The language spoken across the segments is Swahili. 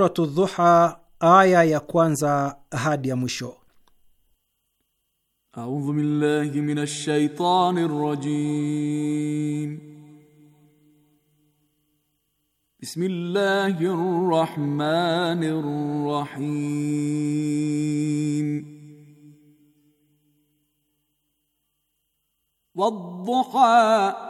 Suratu Dhuha aya ya kwanza hadi ya mwisho. A'udhu billahi minash shaitani rajim. Bismillahir rahmanir rahim. Wadduha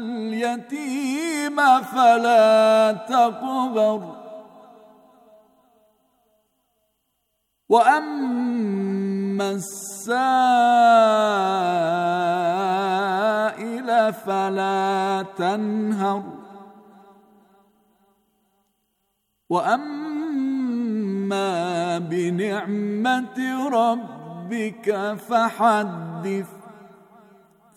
اليتيم فلا تقبر واما السائل فلا تنهر واما بنعمه ربك فحدث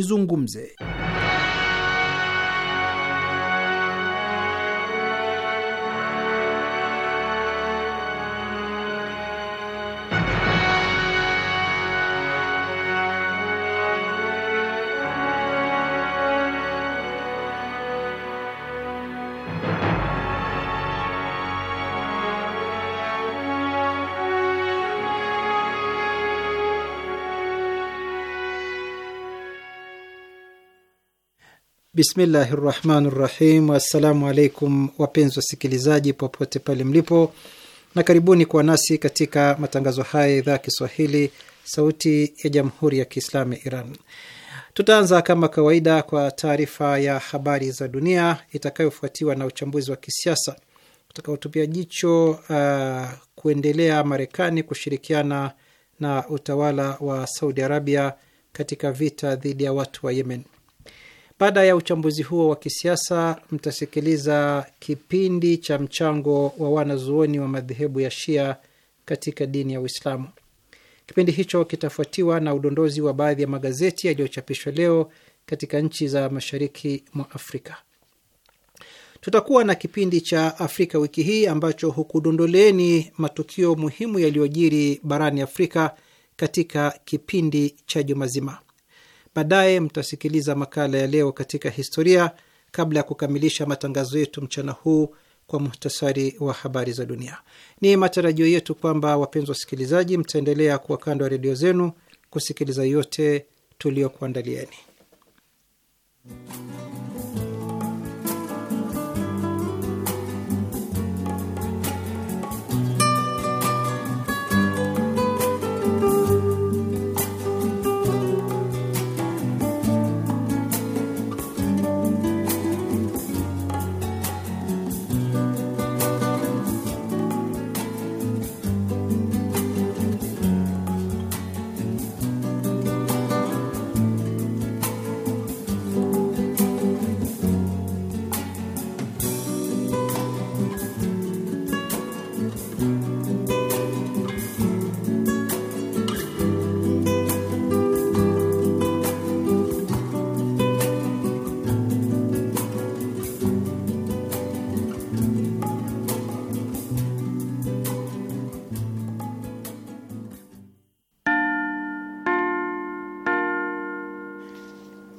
izungumze. Bismillahi rahmani rahim. Assalamu alaikum wapenzi wasikilizaji popote pale mlipo, na karibuni kwa nasi katika matangazo haya ya idhaa ya Kiswahili sauti ya jamhuri ya Kiislamu ya Iran. Tutaanza kama kawaida kwa taarifa ya habari za dunia itakayofuatiwa na uchambuzi wa kisiasa utakaotupia jicho uh, kuendelea Marekani kushirikiana na utawala wa Saudi Arabia katika vita dhidi ya watu wa Yemen. Baada ya uchambuzi huo wa kisiasa, mtasikiliza kipindi cha mchango wa wanazuoni wa madhehebu ya Shia katika dini ya Uislamu. Kipindi hicho kitafuatiwa na udondozi wa baadhi ya magazeti yaliyochapishwa leo katika nchi za mashariki mwa Afrika. Tutakuwa na kipindi cha Afrika wiki hii ambacho hukudondoleeni matukio muhimu yaliyojiri barani Afrika katika kipindi cha juma zima. Baadaye mtasikiliza makala ya leo katika historia, kabla ya kukamilisha matangazo yetu mchana huu kwa muhtasari wa habari za dunia. Ni matarajio yetu kwamba wapenzi wasikilizaji, mtaendelea kuwa kando ya redio zenu kusikiliza yote tuliyokuandalieni.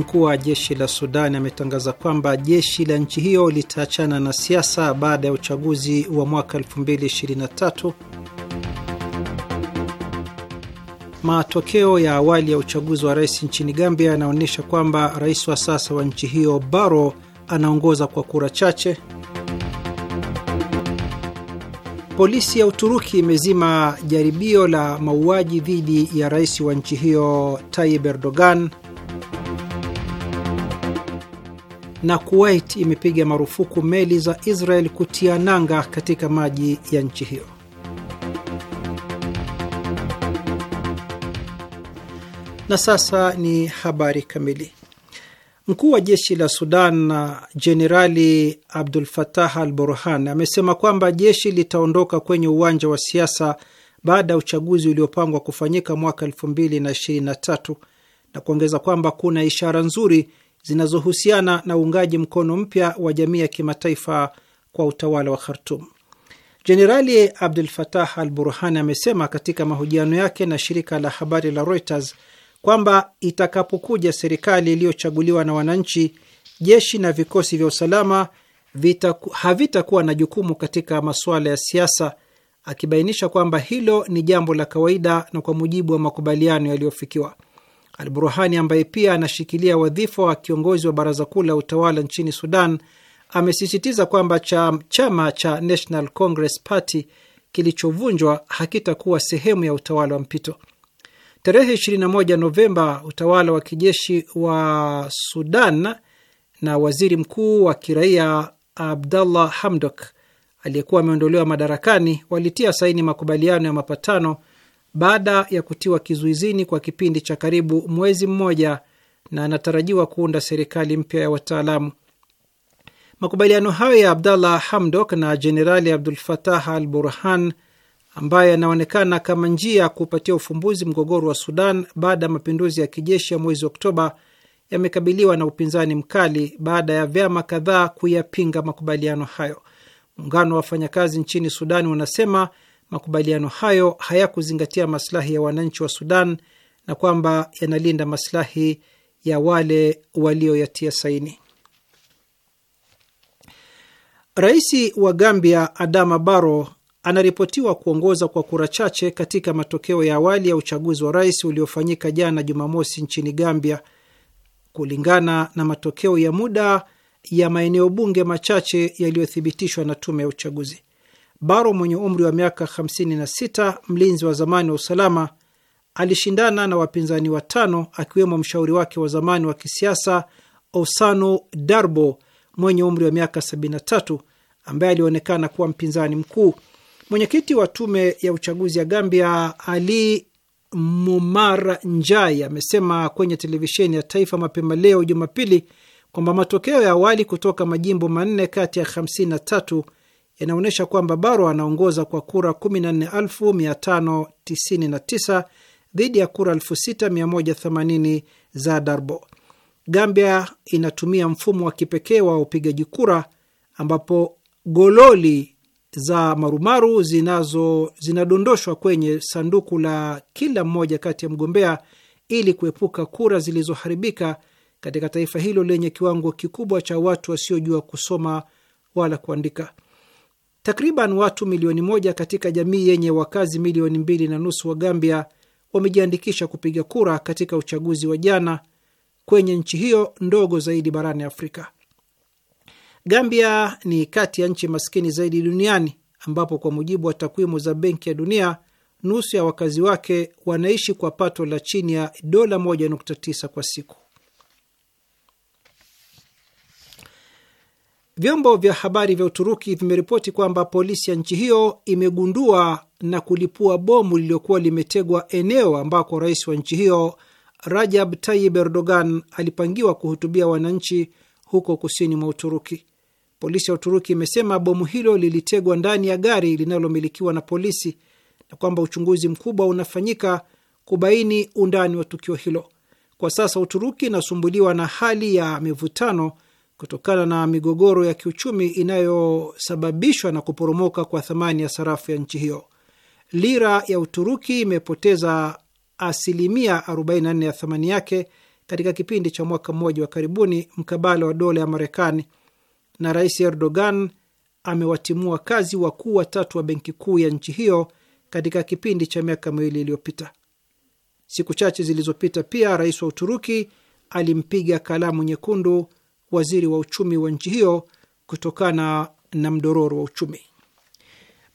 Mkuu wa jeshi la sudani ametangaza kwamba jeshi la nchi hiyo litaachana na siasa baada ya uchaguzi wa mwaka 2023. Matokeo ya awali ya uchaguzi wa rais nchini Gambia yanaonyesha kwamba rais wa sasa wa nchi hiyo Baro anaongoza kwa kura chache. Polisi ya Uturuki imezima jaribio la mauaji dhidi ya rais wa nchi hiyo Tayyip Erdogan. na Kuwait imepiga marufuku meli za Israel kutia nanga katika maji ya nchi hiyo. Na sasa ni habari kamili. Mkuu wa jeshi la Sudan Jenerali Abdul Fatah Al Burhan amesema kwamba jeshi litaondoka kwenye uwanja wa siasa baada ya uchaguzi uliopangwa kufanyika mwaka 223 na kuongeza kwamba kuna ishara nzuri zinazohusiana na uungaji mkono mpya wa jamii ya kimataifa kwa utawala wa Khartum. Jenerali Abdul Fatah Al Burhani amesema katika mahojiano yake na shirika la habari la Reuters kwamba itakapokuja serikali iliyochaguliwa na wananchi, jeshi na vikosi vya usalama havitakuwa na jukumu katika masuala ya siasa, akibainisha kwamba hilo ni jambo la kawaida na kwa mujibu wa makubaliano yaliyofikiwa. Alburhani ambaye pia anashikilia wadhifa wa kiongozi wa baraza kuu la utawala nchini Sudan amesisitiza kwamba cha chama cha National Congress Party kilichovunjwa hakitakuwa sehemu ya utawala wa mpito. Tarehe 21 Novemba, utawala wa kijeshi wa Sudan na waziri mkuu wa kiraia Abdallah Hamdok aliyekuwa ameondolewa madarakani walitia saini makubaliano ya mapatano baada ya kutiwa kizuizini kwa kipindi cha karibu mwezi mmoja na anatarajiwa kuunda serikali mpya ya wataalamu. Makubaliano hayo ya Abdallah Hamdok na Jenerali Abdul Fatah Al Burhan, ambaye yanaonekana kama njia ya kupatia ufumbuzi mgogoro wa Sudan baada ya mapinduzi ya kijeshi ya mwezi Oktoba, yamekabiliwa na upinzani mkali baada ya vyama kadhaa kuyapinga makubaliano hayo. Muungano wa wafanyakazi nchini Sudani unasema makubaliano hayo hayakuzingatia maslahi ya wananchi wa Sudan na kwamba yanalinda maslahi ya wale walioyatia saini. Rais wa Gambia Adama Barrow anaripotiwa kuongoza kwa kura chache katika matokeo ya awali ya uchaguzi wa rais uliofanyika jana Jumamosi nchini Gambia, kulingana na matokeo ya muda ya maeneo bunge machache yaliyothibitishwa na tume ya uchaguzi. Baro mwenye umri wa miaka 56, mlinzi wa zamani wa usalama, alishindana na wapinzani watano akiwemo mshauri wake wa zamani wa kisiasa Osano Darbo mwenye umri wa miaka 73, ambaye alionekana kuwa mpinzani mkuu. Mwenyekiti wa tume ya uchaguzi ya Gambia Ali Mumar Njai amesema kwenye televisheni ya taifa mapema leo Jumapili kwamba matokeo ya awali kutoka majimbo manne kati ya 53 inaonyesha kwamba Baro anaongoza kwa kura 14599 dhidi ya kura 6180 za Darbo. Gambia inatumia mfumo wa kipekee wa upigaji kura ambapo gololi za marumaru zinazo zinadondoshwa kwenye sanduku la kila mmoja kati ya mgombea ili kuepuka kura zilizoharibika katika taifa hilo lenye kiwango kikubwa cha watu wasiojua kusoma wala kuandika. Takriban watu milioni moja katika jamii yenye wakazi milioni mbili na nusu wa Gambia wamejiandikisha kupiga kura katika uchaguzi wa jana kwenye nchi hiyo ndogo zaidi barani Afrika. Gambia ni kati ya nchi maskini zaidi duniani ambapo kwa mujibu wa takwimu za Benki ya Dunia, nusu ya wakazi wake wanaishi kwa pato la chini ya dola 1.9 kwa siku. Vyombo vya habari vya Uturuki vimeripoti kwamba polisi ya nchi hiyo imegundua na kulipua bomu lililokuwa limetegwa eneo ambako rais wa nchi hiyo Rajab Tayyip Erdogan alipangiwa kuhutubia wananchi huko kusini mwa Uturuki. Polisi ya Uturuki imesema bomu hilo lilitegwa ndani ya gari linalomilikiwa na polisi na kwamba uchunguzi mkubwa unafanyika kubaini undani wa tukio hilo. Kwa sasa Uturuki inasumbuliwa na hali ya mivutano kutokana na migogoro ya kiuchumi inayosababishwa na kuporomoka kwa thamani ya sarafu ya nchi hiyo. Lira ya Uturuki imepoteza asilimia 44 ya thamani yake katika kipindi cha mwaka mmoja wa karibuni mkabala wa dola ya Marekani, na Rais Erdogan amewatimua kazi wakuu watatu wa benki kuu ya nchi hiyo katika kipindi cha miaka miwili iliyopita. Siku chache zilizopita pia rais wa Uturuki alimpiga kalamu nyekundu waziri wa uchumi wa nchi hiyo kutokana na mdororo wa uchumi.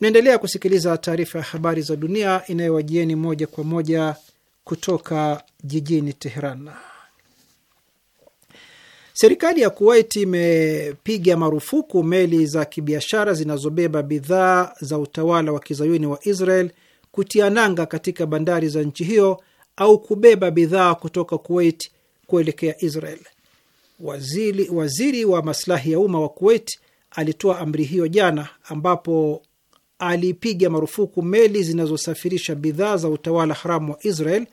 Mnaendelea kusikiliza taarifa ya habari za dunia inayowajieni moja kwa moja kutoka jijini Teheran. Serikali ya Kuwait imepiga marufuku meli za kibiashara zinazobeba bidhaa za utawala wa kizayuni wa Israel kutia nanga katika bandari za nchi hiyo au kubeba bidhaa kutoka Kuwait kuelekea Israel waziri, waziri wa maslahi ya umma wa Kuwait alitoa amri hiyo jana, ambapo alipiga marufuku meli zinazosafirisha bidhaa za utawala haramu wa Israel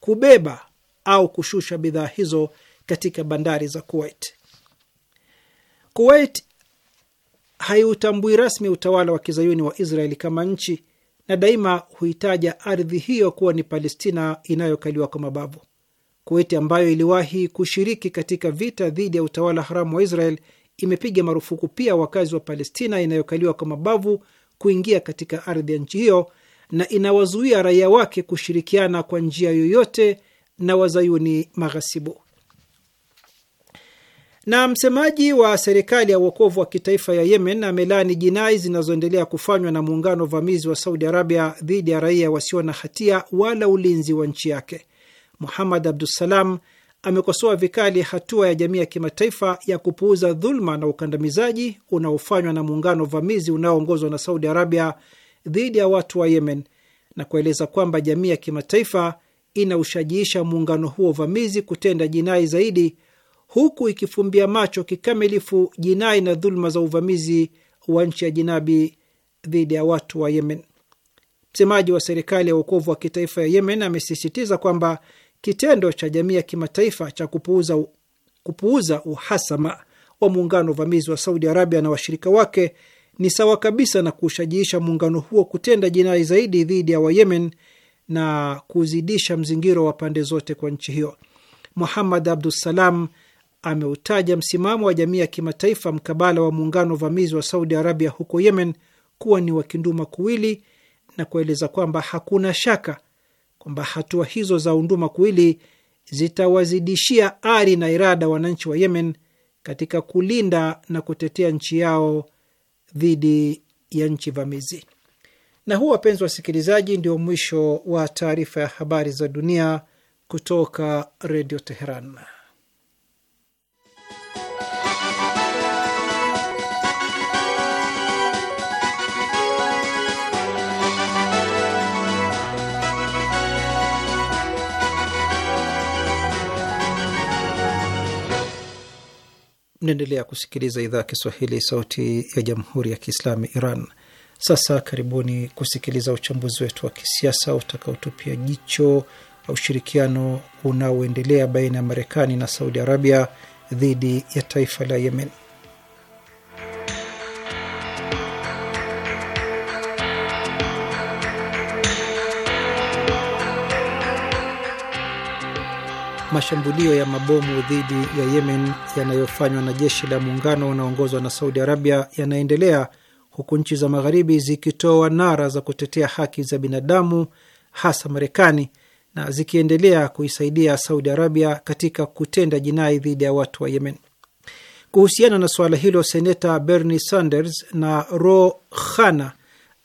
kubeba au kushusha bidhaa hizo katika bandari za Kuwait. Kuwait haiutambui rasmi utawala wa kizayuni wa Israeli kama nchi na daima huitaja ardhi hiyo kuwa ni Palestina inayokaliwa kwa mabavu. Kuweti ambayo iliwahi kushiriki katika vita dhidi ya utawala haramu wa Israel imepiga marufuku pia wakazi wa Palestina inayokaliwa kwa mabavu kuingia katika ardhi ya nchi hiyo na inawazuia raia wake kushirikiana kwa njia yoyote na wazayuni maghasibu. Na msemaji wa serikali ya uokovu wa kitaifa ya Yemen amelaani jinai zinazoendelea kufanywa na muungano vamizi wa Saudi Arabia dhidi ya raia wasio na hatia wala ulinzi wa nchi yake. Muhamad Abdusalam amekosoa vikali hatua ya jamii ya kimataifa ya kupuuza dhuluma na ukandamizaji unaofanywa na muungano vamizi unaoongozwa na Saudi Arabia dhidi ya watu wa Yemen na kueleza kwamba jamii ya kimataifa inaushajiisha muungano huo vamizi kutenda jinai zaidi huku ikifumbia macho kikamilifu jinai na dhuluma za uvamizi wa nchi ya jinabi dhidi ya watu wa Yemen. Msemaji wa serikali ya uokovu wa kitaifa ya Yemen amesisitiza kwamba kitendo cha jamii ya kimataifa cha kupuuza, kupuuza uhasama wa muungano uvamizi wa Saudi Arabia na washirika wake ni sawa kabisa na kushajiisha muungano huo kutenda jinai zaidi dhidi ya Wayemen na kuzidisha mzingiro wa pande zote kwa nchi hiyo. Muhammad Abdusalam ameutaja msimamo wa jamii ya kimataifa mkabala wa muungano uvamizi wa Saudi Arabia huko Yemen kuwa ni wakinduma kuwili na kueleza kwamba hakuna shaka kwamba hatua hizo za unduma kuili zitawazidishia ari na irada wananchi wa Yemen katika kulinda na kutetea nchi yao dhidi ya nchi vamizi. Na huu, wapenzi wasikilizaji, ndio mwisho wa taarifa ya habari za dunia kutoka Redio Teheran. Mnaendelea kusikiliza idhaa ya Kiswahili, sauti ya jamhuri ya kiislamu Iran. Sasa karibuni kusikiliza uchambuzi wetu wa kisiasa utakaotupia jicho ushirikiano unaoendelea baina ya Marekani na Saudi Arabia dhidi ya taifa la Yemen. mashambulio ya mabomu dhidi ya Yemen yanayofanywa na jeshi la muungano unaoongozwa na Saudi Arabia yanaendelea huku nchi za magharibi zikitoa nara za kutetea haki za binadamu hasa Marekani na zikiendelea kuisaidia Saudi Arabia katika kutenda jinai dhidi ya watu wa Yemen. Kuhusiana na suala hilo, seneta Bernie Sanders na Ro Khanna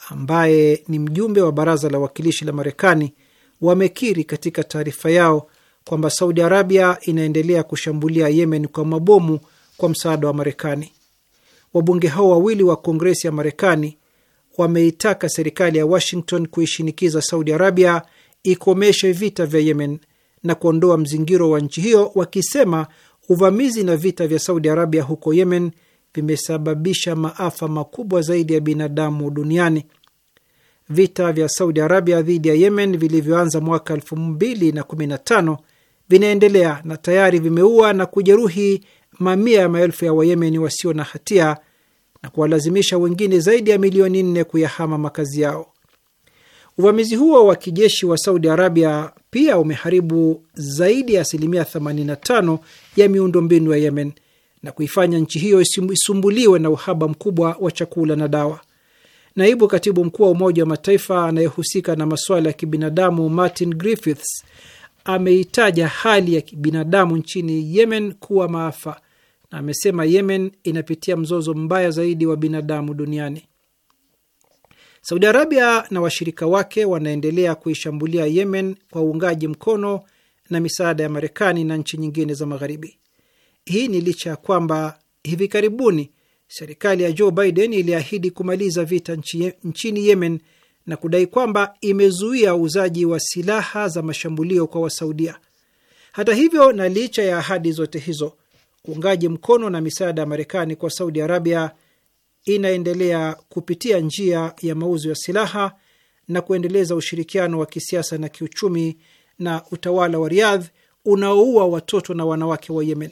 ambaye ni mjumbe wa baraza la wakilishi la Marekani wamekiri katika taarifa yao kwamba Saudi Arabia inaendelea kushambulia Yemen kwa mabomu kwa msaada wa Marekani. Wabunge hao wawili wa Kongresi ya Marekani wameitaka serikali ya Washington kuishinikiza Saudi Arabia ikomeshe vita vya Yemen na kuondoa mzingiro wa nchi hiyo, wakisema uvamizi na vita vya Saudi Arabia huko Yemen vimesababisha maafa makubwa zaidi ya binadamu duniani. Vita vya Saudi Arabia dhidi ya Yemen vilivyoanza mwaka 215 vinaendelea na tayari vimeua na kujeruhi mamia ya maelfu ya Wayemeni wasio na hatia na kuwalazimisha wengine zaidi ya milioni nne kuyahama makazi yao. Uvamizi huo wa kijeshi wa Saudi Arabia pia umeharibu zaidi ya asilimia 85 ya miundombinu ya Yemen na kuifanya nchi hiyo isumbuliwe na uhaba mkubwa wa chakula na dawa. Naibu katibu mkuu wa Umoja wa Mataifa anayehusika na masuala ya kibinadamu Martin Griffiths ameitaja hali ya kibinadamu nchini Yemen kuwa maafa na amesema Yemen inapitia mzozo mbaya zaidi wa binadamu duniani. Saudi Arabia na washirika wake wanaendelea kuishambulia Yemen kwa uungaji mkono na misaada ya Marekani na nchi nyingine za Magharibi. Hii ni licha ya kwamba hivi karibuni serikali ya Joe Biden iliahidi kumaliza vita nchini Yemen na kudai kwamba imezuia uuzaji wa silaha za mashambulio kwa Wasaudia. Hata hivyo, na licha ya ahadi zote hizo, uungaji mkono na misaada ya Marekani kwa Saudi Arabia inaendelea kupitia njia ya mauzo ya silaha na kuendeleza ushirikiano wa kisiasa na kiuchumi na utawala wa Riyadh unaoua watoto na wanawake wa Yemen.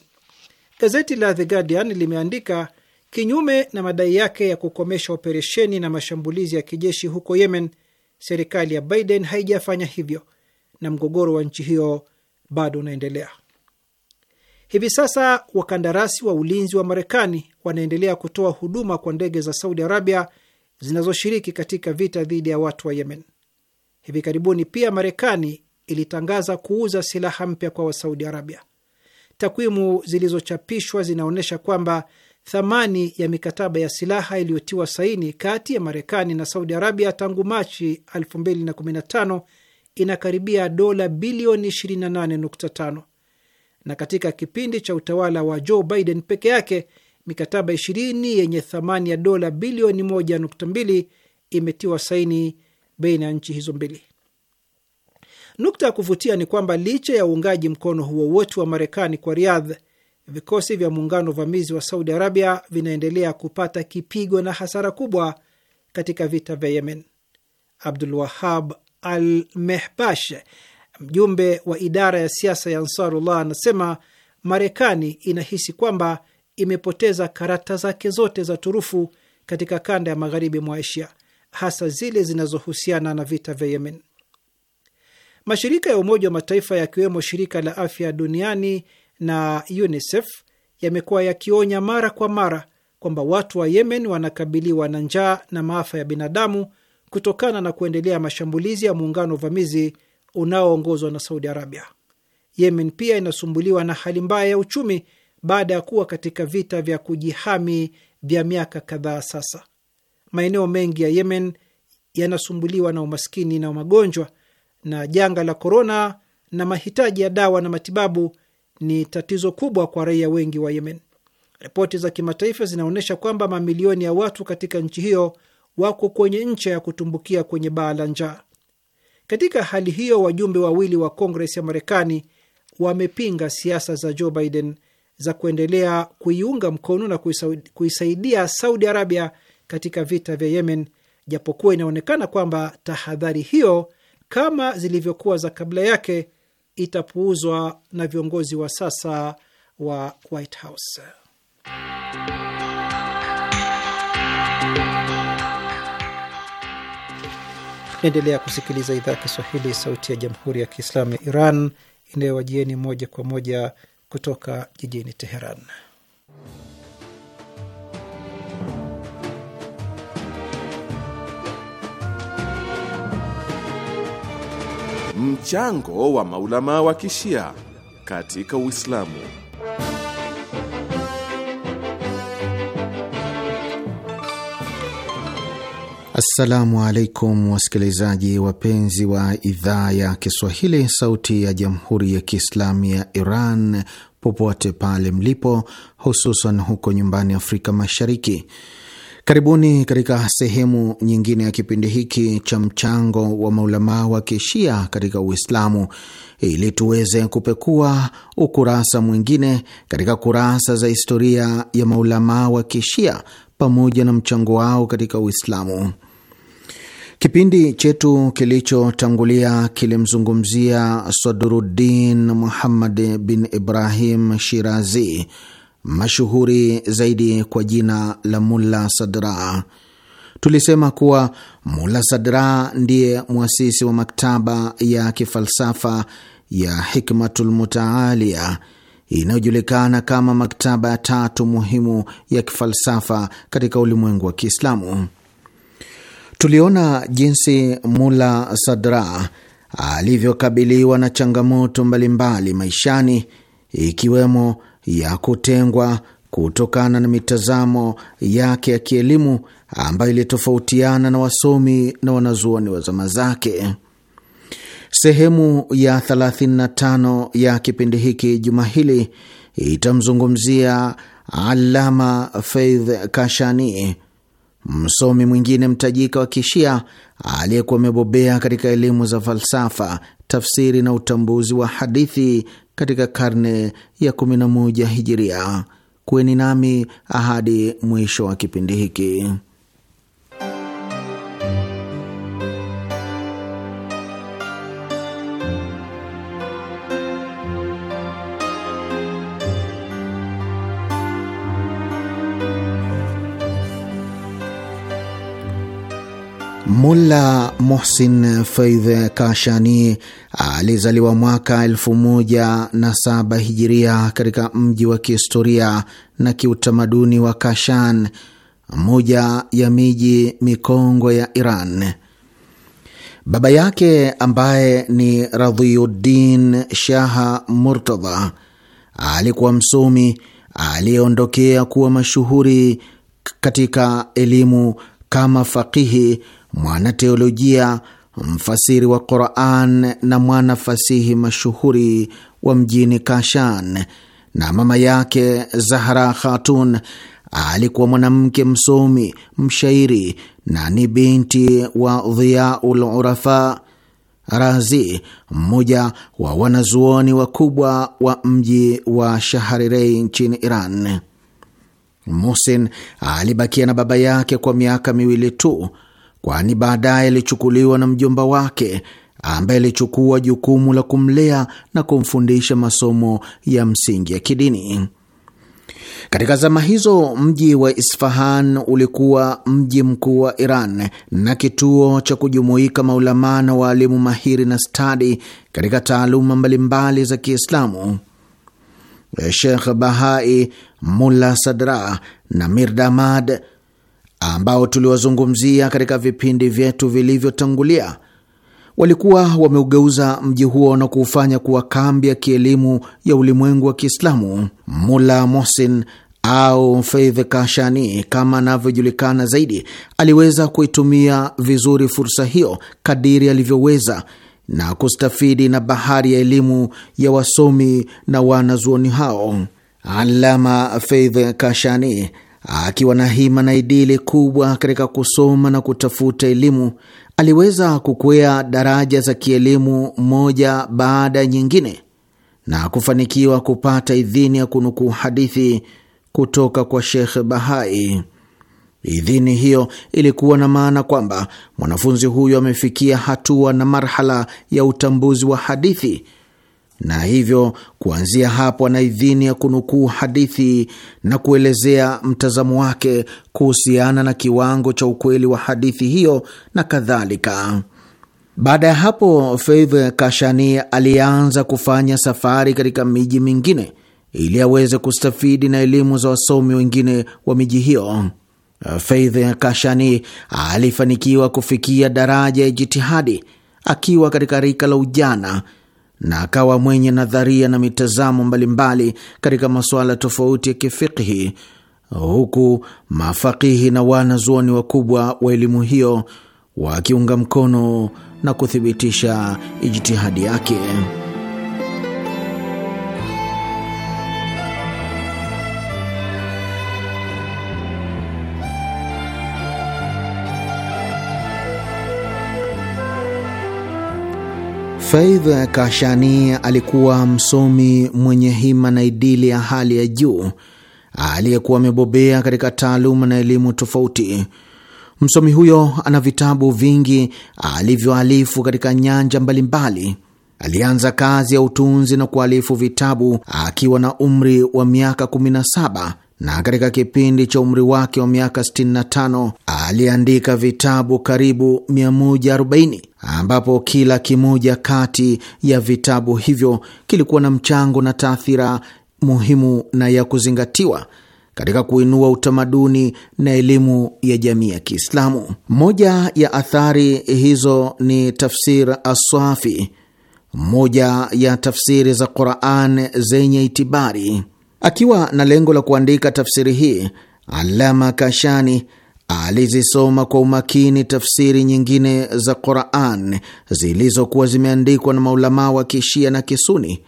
Gazeti la The Guardian limeandika Kinyume na madai yake ya kukomesha operesheni na mashambulizi ya kijeshi huko Yemen, serikali ya Biden haijafanya hivyo na mgogoro wa nchi hiyo bado unaendelea. Hivi sasa wakandarasi wa ulinzi wa Marekani wanaendelea kutoa huduma kwa ndege za Saudi Arabia zinazoshiriki katika vita dhidi ya watu wa Yemen. Hivi karibuni pia Marekani ilitangaza kuuza silaha mpya kwa Wasaudi Arabia. Takwimu zilizochapishwa zinaonyesha kwamba thamani ya mikataba ya silaha iliyotiwa saini kati ya Marekani na Saudi Arabia tangu Machi 2015 inakaribia dola bilioni 28.5 na katika kipindi cha utawala wa Joe Biden peke yake mikataba 20 yenye thamani ya dola bilioni 1.2 imetiwa saini baina ya nchi hizo mbili. Nukta ya kuvutia ni kwamba licha ya uungaji mkono huo wote wa Marekani kwa riadh vikosi vya muungano vamizi wa Saudi Arabia vinaendelea kupata kipigo na hasara kubwa katika vita vya Yemen. Abdul Wahab Al Mehbash, mjumbe wa idara ya siasa ya Ansarullah, anasema Marekani inahisi kwamba imepoteza karata zake zote za turufu katika kanda ya magharibi mwa Asia, hasa zile zinazohusiana na vita vya Yemen. Mashirika ya Umoja wa Mataifa yakiwemo Shirika la Afya Duniani na UNICEF yamekuwa yakionya mara kwa mara kwamba watu wa Yemen wanakabiliwa na njaa na maafa ya binadamu kutokana na kuendelea mashambulizi ya muungano uvamizi unaoongozwa na Saudi Arabia. Yemen pia inasumbuliwa na hali mbaya ya uchumi baada ya kuwa katika vita vya kujihami vya miaka kadhaa sasa. Maeneo mengi ya Yemen yanasumbuliwa na umaskini na magonjwa, na janga la korona na mahitaji ya dawa na matibabu ni tatizo kubwa kwa raia wengi wa Yemen. Ripoti za kimataifa zinaonyesha kwamba mamilioni ya watu katika nchi hiyo wako kwenye ncha ya kutumbukia kwenye baa la njaa. Katika hali hiyo, wajumbe wawili wa Kongres ya Marekani wamepinga siasa za Joe Biden za kuendelea kuiunga mkono na kuisaidia Saudi Arabia katika vita vya Yemen, japokuwa inaonekana kwamba tahadhari hiyo, kama zilivyokuwa za kabla yake, itapuuzwa na viongozi wa sasa wa White House. Naendelea kusikiliza idhaa ya Kiswahili, sauti ya jamhuri ya kiislamu ya Iran inayowajieni moja kwa moja kutoka jijini Teheran. Mchango wa maulama wa kishia katika Uislamu. Assalamu alaikum wasikilizaji wapenzi wa idhaa ya Kiswahili, sauti ya jamhuri ya kiislamu ya Iran, popote pale mlipo, hususan huko nyumbani Afrika Mashariki. Karibuni katika sehemu nyingine ya kipindi hiki cha mchango wa maulamaa wa kishia katika Uislamu, ili tuweze kupekua ukurasa mwingine katika kurasa za historia ya maulamaa wa kishia pamoja na mchango wao katika Uislamu. Kipindi chetu kilichotangulia kilimzungumzia sadurudin Muhammad bin Ibrahim Shirazi mashuhuri zaidi kwa jina la Mulla Sadra. Tulisema kuwa Mulla Sadra ndiye mwasisi wa maktaba ya kifalsafa ya Hikmatul Mutaalia inayojulikana kama maktaba ya tatu muhimu ya kifalsafa katika ulimwengu wa Kiislamu. Tuliona jinsi Mulla Sadra alivyokabiliwa na changamoto mbalimbali maishani, ikiwemo ya kutengwa kutokana na mitazamo yake ya kielimu ambayo ilitofautiana na wasomi na wanazuoni wa zama zake. Sehemu ya 35 ya kipindi hiki juma hili itamzungumzia Alama Faidh Kashani, msomi mwingine mtajika wa Kishia aliyekuwa amebobea katika elimu za falsafa, tafsiri na utambuzi wa hadithi katika karne ya 11 Hijiria. Kuweni nami ahadi mwisho wa kipindi hiki. Mulla Mohsin Faidh Kashani alizaliwa mwaka 1007 hijiria katika mji wa kihistoria na kiutamaduni wa Kashan, moja ya miji mikongwe ya Iran. Baba yake ambaye ni Radhiuddin Shaha Murtadha alikuwa msomi aliyeondokea kuwa mashuhuri katika elimu kama faqihi mwanateolojia, mfasiri wa Quran na mwanafasihi mashuhuri wa mjini Kashan, na mama yake Zahra Khatun alikuwa mwanamke msomi, mshairi na ni binti wa Dhiaul Urafa Razi, mmoja wa wanazuoni wakubwa wa mji wa Shaharirei nchini Iran. mosin alibakia na baba yake kwa miaka miwili tu kwani baadaye alichukuliwa na mjomba wake ambaye alichukua jukumu la kumlea na kumfundisha masomo ya msingi ya kidini. Katika zama hizo mji wa Isfahan ulikuwa mji mkuu wa Iran na kituo cha kujumuika maulamaa na waalimu mahiri na stadi katika taaluma mbalimbali za Kiislamu. Shekh Bahai, Mulla Sadra na Mirdamad ambao tuliwazungumzia katika vipindi vyetu vilivyotangulia, walikuwa wameugeuza mji huo na kuufanya kuwa kambi ya kielimu ya ulimwengu wa Kiislamu. Mula Mohsin au Faidh Kashani kama anavyojulikana zaidi, aliweza kuitumia vizuri fursa hiyo kadiri alivyoweza na kustafidi na bahari ya elimu ya wasomi na wanazuoni hao. Alama Faidh Kashani Akiwa na hima na idili kubwa katika kusoma na kutafuta elimu, aliweza kukwea daraja za kielimu moja baada ya nyingine na kufanikiwa kupata idhini ya kunukuu hadithi kutoka kwa Shekh Bahai. Idhini hiyo ilikuwa na maana kwamba mwanafunzi huyo amefikia hatua na marhala ya utambuzi wa hadithi na hivyo kuanzia hapo ana idhini ya kunukuu hadithi na kuelezea mtazamo wake kuhusiana na kiwango cha ukweli wa hadithi hiyo na kadhalika. Baada ya hapo, Faidh Kashani alianza kufanya safari katika miji mingine ili aweze kustafidi na elimu za wasomi wengine wa miji hiyo. Faidh Kashani alifanikiwa kufikia daraja ya jitihadi akiwa katika rika la ujana na akawa mwenye nadharia na mitazamo mbalimbali katika masuala tofauti ya kifikhi, huku mafakihi na wanazuoni wakubwa wa elimu hiyo wakiunga mkono na kuthibitisha ijtihadi yake. Faidh Kashani alikuwa msomi mwenye hima na idili ya hali ya juu aliyekuwa amebobea katika taaluma na elimu tofauti. Msomi huyo ana vitabu vingi alivyoalifu katika nyanja mbalimbali. Alianza kazi ya utunzi na kualifu vitabu akiwa na umri wa miaka 17 na katika kipindi cha umri wake wa miaka 65 aliandika vitabu karibu 140 ambapo kila kimoja kati ya vitabu hivyo kilikuwa na mchango na taathira muhimu na ya kuzingatiwa katika kuinua utamaduni na elimu ya jamii ya Kiislamu. Moja ya athari hizo ni tafsir Aswafi, moja ya tafsiri za Quran zenye itibari. Akiwa na lengo la kuandika tafsiri hii, Alama Kashani Alizisoma kwa umakini tafsiri nyingine za Quran zilizokuwa zimeandikwa na maulama wa kishia na kisuni,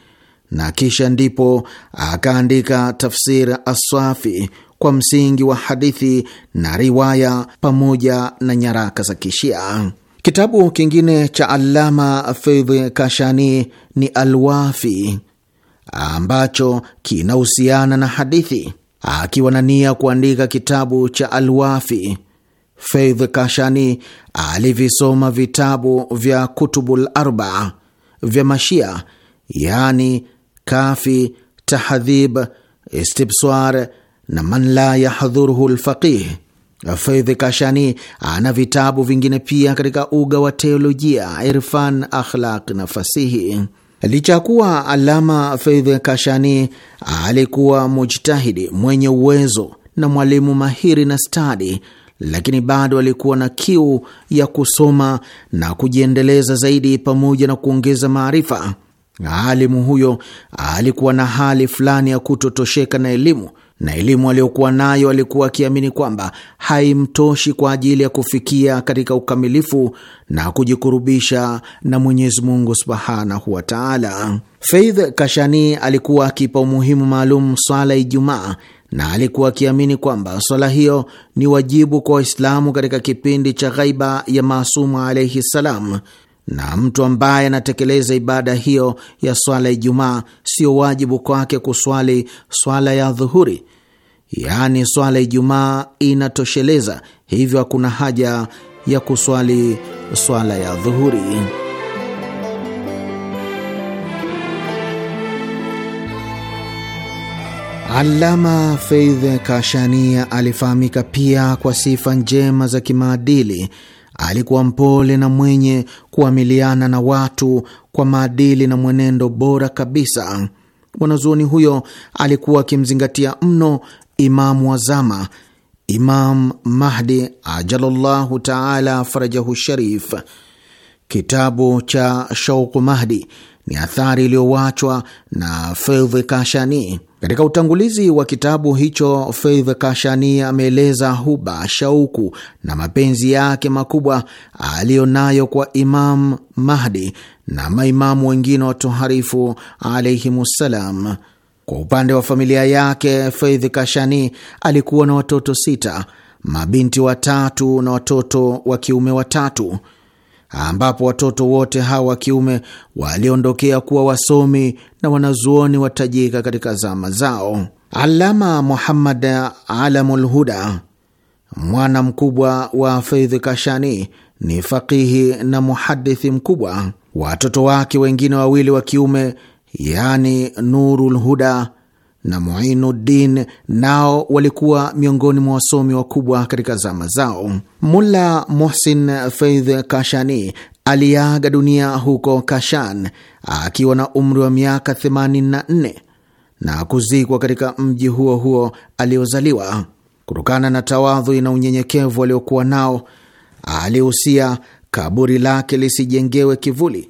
na kisha ndipo akaandika tafsiri Aswafi kwa msingi wa hadithi na riwaya pamoja na nyaraka za kishia. Kitabu kingine cha Allama Fidh Kashani ni Alwafi ambacho kinahusiana na hadithi akiwa na nia kuandika kitabu cha Alwafi. Faidh Kashani alivisoma vitabu vya Kutubul Arba vya Mashia, yani Kafi, tahdhib Istibsar na Man la yahdhuruhu lfaqih. Faidh Kashani ana vitabu vingine pia katika uga wa teolojia, irfan, akhlaq na fasihi. Licha ya kuwa Alama Fidh Kashani alikuwa mujtahidi mwenye uwezo na mwalimu mahiri na stadi, lakini bado alikuwa na kiu ya kusoma na kujiendeleza zaidi pamoja na kuongeza maarifa. Alimu huyo alikuwa na hali fulani ya kutotosheka na elimu na elimu aliyokuwa nayo alikuwa akiamini kwamba haimtoshi kwa ajili ya kufikia katika ukamilifu na kujikurubisha na Mwenyezi Mungu subhanahu wa taala. Faidh Kashani alikuwa akipa umuhimu maalum swala ya Ijumaa na alikuwa akiamini kwamba swala hiyo ni wajibu kwa Waislamu katika kipindi cha ghaiba ya Maasumu alaihi ssalam, na mtu ambaye anatekeleza ibada hiyo ya swala ya Ijumaa sio wajibu kwake kuswali swala ya dhuhuri, yaani swala ya Ijumaa inatosheleza, hivyo hakuna haja ya kuswali swala ya dhuhuri. Alama Faidh Kashania alifahamika pia kwa sifa njema za kimaadili Alikuwa mpole na mwenye kuamiliana na watu kwa maadili na mwenendo bora kabisa. Mwanazuoni huyo alikuwa akimzingatia mno Imamu wa zama, Imam Mahdi ajalallahu taala farajahu sharif. Kitabu cha Shauku Mahdi ni athari iliyowachwa na Fedhi Kashani. Katika utangulizi wa kitabu hicho, Faidh Kashani ameeleza huba, shauku na mapenzi yake makubwa aliyonayo kwa Imam Mahdi na maimamu wengine watoharifu alaihimussalam. Kwa upande wa familia yake, Faidh Kashani alikuwa na watoto sita, mabinti watatu na watoto wa kiume watatu ambapo watoto wote hawa wa kiume waliondokea kuwa wasomi na wanazuoni watajika katika zama zao. Alama Muhammad Alamul Huda, mwana mkubwa wa Faidh Kashani, ni faqihi na muhadithi mkubwa. Watoto wake wengine wawili wa kiume, yani Nurul Huda na Muinuddin nao walikuwa miongoni mwa wasomi wakubwa katika zama zao. Mulla Muhsin Faidh Kashani aliaga dunia huko Kashan akiwa na umri wa miaka 84 na kuzikwa katika mji huo huo aliozaliwa. Kutokana na tawadhu na unyenyekevu aliokuwa nao, alihusia kaburi lake lisijengewe kivuli.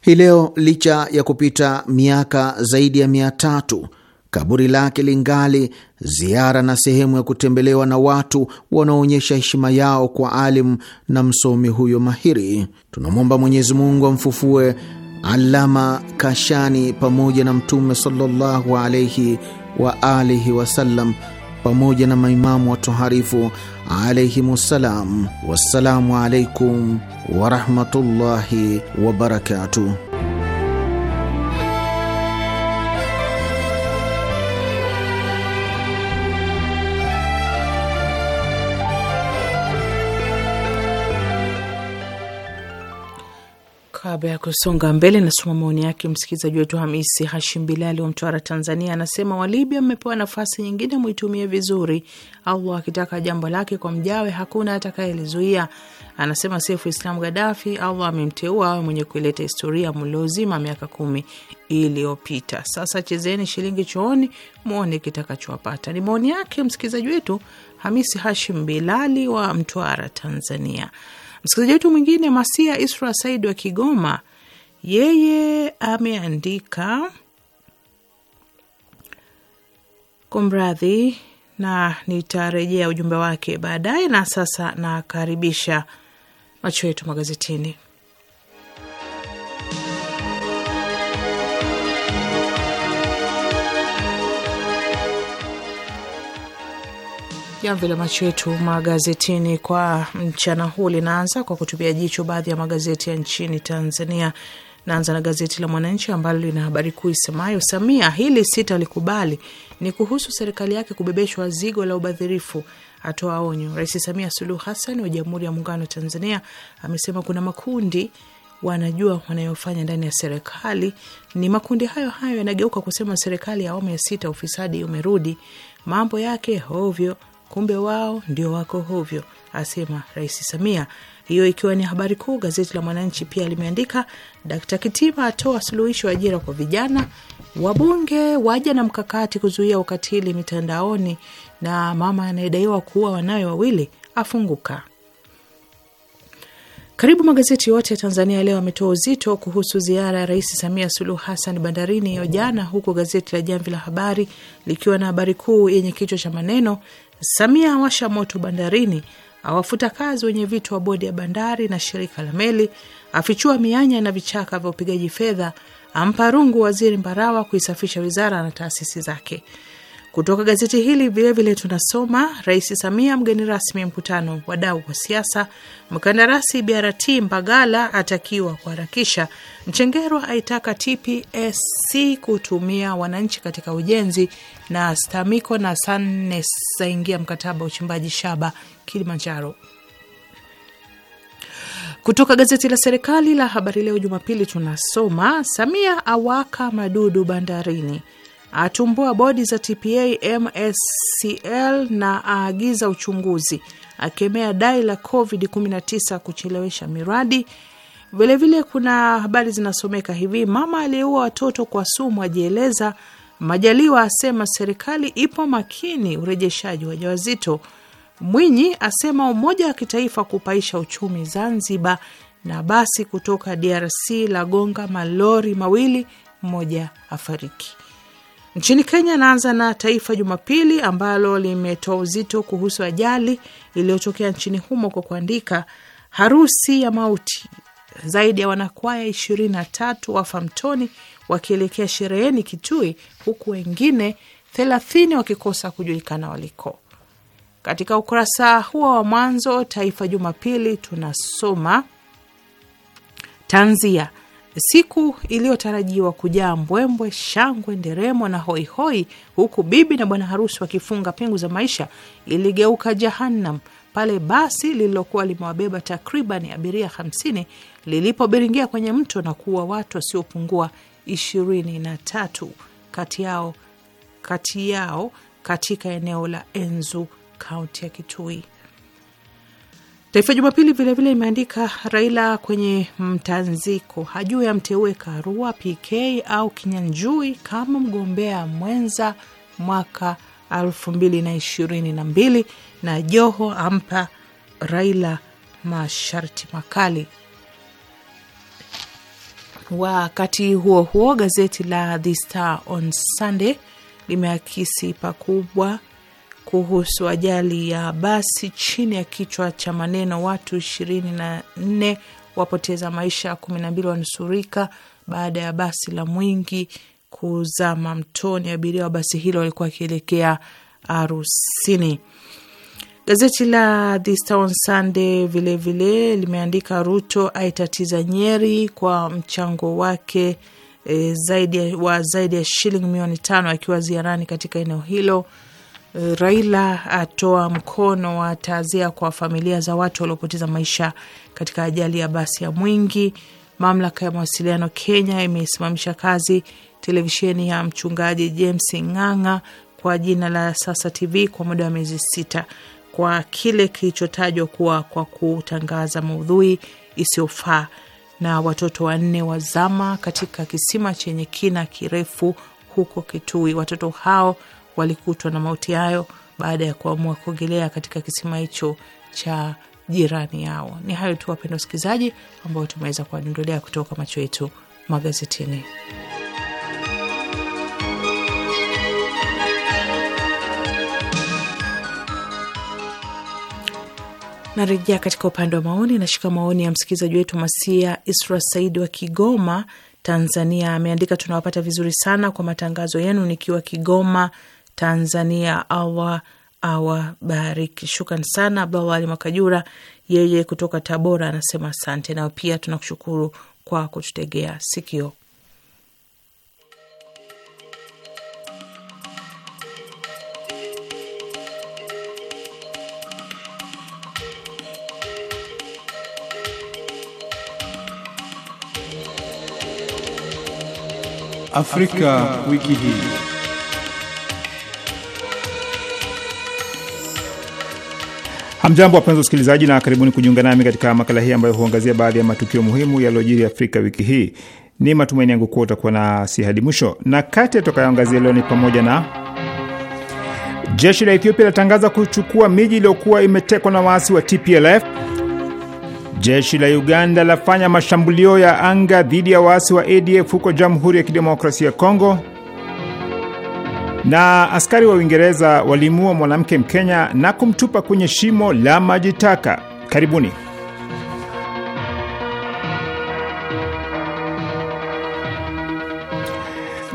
Hii leo licha ya kupita miaka zaidi ya mia tatu Kaburi lake lingali ziara na sehemu ya kutembelewa na watu wanaoonyesha heshima yao kwa alim na msomi huyo mahiri. Tunamwomba Mwenyezi Mungu amfufue Alama Kashani pamoja na Mtume sallallahu alaihi wa alihi wasallam pamoja na maimamu watoharifu wassalam. Wassalamu alaikum warahmatullahi wabarakatuh. Kabla ya kusonga mbele, nasoma maoni yake msikilizaji wetu Hamisi Hashim Bilali wa Mtwara, Tanzania. Anasema Walibya mmepewa nafasi nyingine, mwitumie vizuri. Allah akitaka jambo lake kwa mjawe, hakuna atakayelizuia. Anasema Sefu Islam Gadafi, Allah amemteua awe mwenye kuileta historia mlozima miaka kumi iliyopita. Sasa chezeni shilingi chooni, mwone kitakachowapata. Ni maoni yake msikilizaji wetu Hamisi Hashim Bilali wa Mtwara, Tanzania. Msikilizaji wetu mwingine Masia Isra Said wa Kigoma, yeye ameandika kumradhi, na nitarejea ujumbe wake baadaye. Na sasa nakaribisha macho yetu magazetini. Jamvi la macho yetu magazetini kwa mchana huu linaanza kwa kutupia jicho baadhi ya magazeti ya nchini Tanzania. Naanza na gazeti la Mwananchi ambalo lina habari kuu isemayo, Samia hili sitalikubali, ni kuhusu serikali yake kubebeshwa zigo la ubadhirifu, atoa onyo. Rais Samia Suluhu Hassan wa Jamhuri ya Muungano wa Tanzania amesema kuna makundi wanajua wanayofanya ndani ya serikali. Ni makundi hayo hayo yanageuka kusema serikali ya awamu ya sita ufisadi umerudi, mambo yake hovyo kumbe wao ndio wako hovyo, asema Rais Samia. Hiyo ikiwa ni habari kuu. Gazeti la Mwananchi pia limeandika Dkt Kitima atoa suluhisho ajira kwa vijana, wabunge waja na mkakati kuzuia ukatili mitandaoni, na mama anayedaiwa kuua wanawe wawili afunguka. Karibu magazeti yote ya Tanzania leo ametoa uzito kuhusu ziara ya Rais Samia Suluhu Hassan bandarini hiyo jana, huku gazeti la Jamvi la Habari likiwa na habari kuu yenye kichwa cha maneno Samia awasha moto bandarini, awafuta kazi wenye vitu wa bodi ya bandari na shirika la meli, afichua mianya na vichaka vya upigaji fedha, ampa rungu waziri Mbarawa kuisafisha wizara na taasisi zake. Kutoka gazeti hili vilevile tunasoma Rais Samia mgeni rasmi mkutano wadau wa siasa, mkandarasi BRT Mbagala atakiwa kuharakisha, Mchengerwa aitaka TPSC kutumia wananchi katika ujenzi, na Stamiko na Sannes zaingia mkataba wa uchimbaji shaba Kilimanjaro. Kutoka gazeti la serikali la Habari Leo Jumapili tunasoma Samia awaka madudu bandarini atumbua bodi za TPA MSCL na aagiza uchunguzi, akemea dai la COVID-19 kuchelewesha miradi. Vilevile kuna habari zinasomeka hivi: mama aliyeua watoto kwa sumu ajieleza. Majaliwa asema serikali ipo makini urejeshaji wa wajawazito. Mwinyi asema umoja wa kitaifa kupaisha uchumi Zanzibar, na basi kutoka DRC lagonga malori mawili, mmoja afariki. Nchini Kenya, naanza na Taifa Jumapili ambalo limetoa uzito kuhusu ajali iliyotokea nchini humo kwa kuandika harusi ya mauti, zaidi ya wanakwaya ishirini na tatu wafa mtoni wakielekea shereheni Kitui, huku wengine thelathini wakikosa kujulikana waliko. Katika ukurasa huo wa mwanzo Taifa Jumapili tunasoma tanzia siku iliyotarajiwa kujaa mbwembwe, shangwe, nderemo na hoihoi, huku bibi na bwana harusi wakifunga pingu za maisha, iligeuka jahannam pale basi lililokuwa limewabeba takriban abiria 50 lilipobiringia kwenye mto na kuua watu wasiopungua 23 kati yao, kati yao katika eneo la Enzu, kaunti ya Kitui. Taifa Jumapili vilevile imeandika Raila kwenye mtanziko, hajui amteue Karua, PK au Kinyanjui kama mgombea mwenza mwaka elfu mbili na ishirini na mbili na Joho ampa Raila masharti makali. Wakati huo huo, gazeti la The Star on Sunday limeakisi pakubwa kuhusu ajali ya basi chini ya kichwa cha maneno watu ishirini na nne wapoteza maisha, kumi na mbili wanusurika baada ya basi la Mwingi kuzama mtoni. Abiria wa basi hilo walikuwa wakielekea arusini. Gazeti la The Sunday vilevile limeandika Ruto aitatiza Nyeri kwa mchango wake e, zaidi, wa zaidi ya shilingi milioni tano akiwa ziarani katika eneo hilo. Raila atoa mkono wa taazia kwa familia za watu waliopoteza maisha katika ajali ya basi ya Mwingi. Mamlaka ya mawasiliano Kenya imesimamisha kazi televisheni ya mchungaji James Ng'ang'a kwa jina la Sasa TV kwa muda wa miezi sita kwa kile kilichotajwa kuwa kwa kutangaza maudhui isiyofaa. Na watoto wanne wazama katika kisima chenye kina kirefu huko Kitui. Watoto hao walikutwa na mauti hayo baada ya kuamua kuogelea katika kisima hicho cha jirani yao. Ni hayo tu, wapenda wasikilizaji, ambao tumeweza kuwadondolea kutoka macho yetu magazetini. Narejea katika upande wa maoni. Nashika maoni ya msikilizaji wetu Masia Isra Said wa Kigoma, Tanzania. Ameandika, tunawapata vizuri sana kwa matangazo yenu nikiwa Kigoma Tanzania awa bariki, Shukran sana Abdulwali Makajura, yeye kutoka Tabora, anasema asante. Nao pia tunakushukuru kwa kututegea sikio. Afrika, Afrika wiki hii. Hamjambo, wapenzi wasikilizaji, na karibuni kujiunga nami katika makala hii ambayo huangazia baadhi ya matukio muhimu yaliyojiri Afrika wiki hii. Ni matumaini yangu kuwa utakuwa nasi hadi mwisho, na kati yatokayoangazia leo ni pamoja na jeshi la Ethiopia linatangaza kuchukua miji iliyokuwa imetekwa na waasi wa TPLF, jeshi la Uganda lafanya mashambulio ya anga dhidi ya waasi wa ADF huko Jamhuri ya Kidemokrasia ya Kongo, na askari wa Uingereza walimuua mwanamke Mkenya na kumtupa kwenye shimo la maji taka. Karibuni.